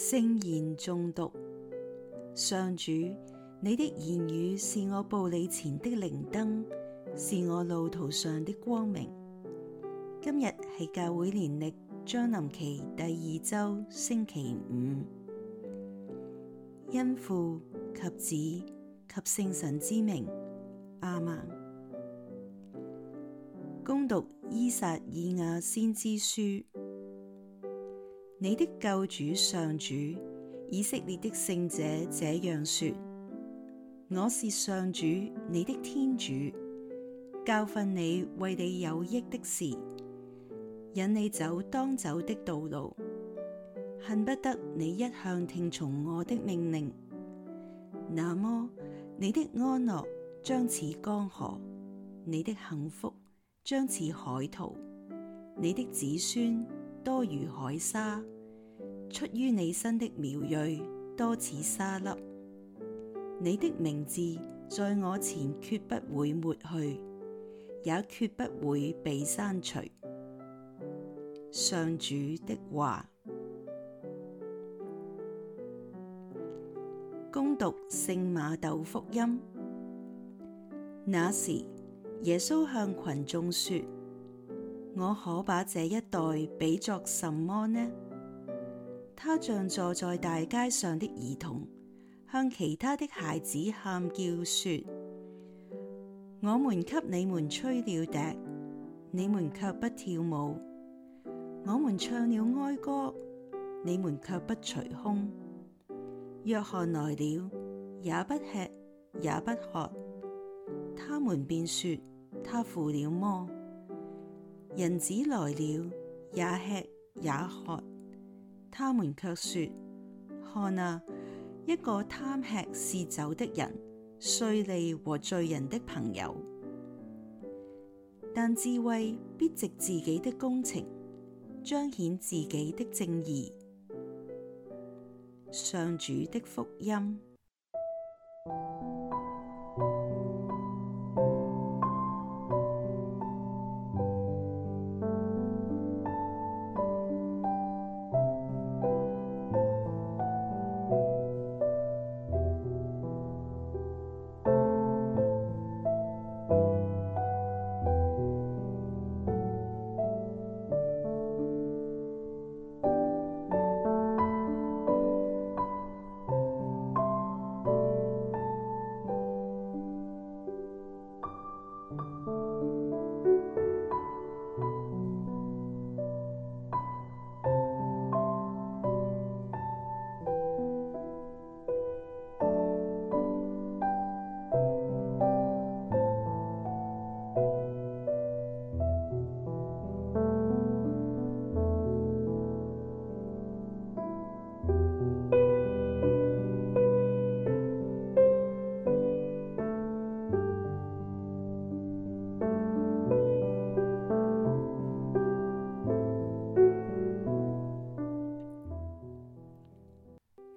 聖言誦讀，上主，你的言語是我步履前的靈燈，是我路途上的光明。今日係教會年曆將臨期第二周星期五，因父及子及聖神之名，阿門。恭讀《依撒意亞先知書》。你的救主上主，以色列的聖者這樣說：“我是上主你的天主，教訓你為你有益的事，引你走當走的道路，恨不得你一向聽從我的命令。那麼，你的安樂將似江河，你的幸福將似海濤，你的子孫。”多如海沙，出於你身的苗裔多似沙粒。你的名字在我前決不會抹去，也決不會被刪除。上主的話。恭讀聖瑪竇福音。那時，耶穌向群眾說。我可把這一代比作什麼呢？他像坐在大街上的兒童，向其他的孩子喊叫說：我們給你們吹了笛，你們却不跳舞；我們唱了哀歌，你們却不捶胸。若翰來了，也不吃，也不喝，他們便說：他附了魔。人子來了，也吃也喝，他們卻說：看啊，一個貪吃嗜酒的人，稅吏和罪人的朋友。但智慧必藉自己的工程，彰顯自己的正義。上主的福音。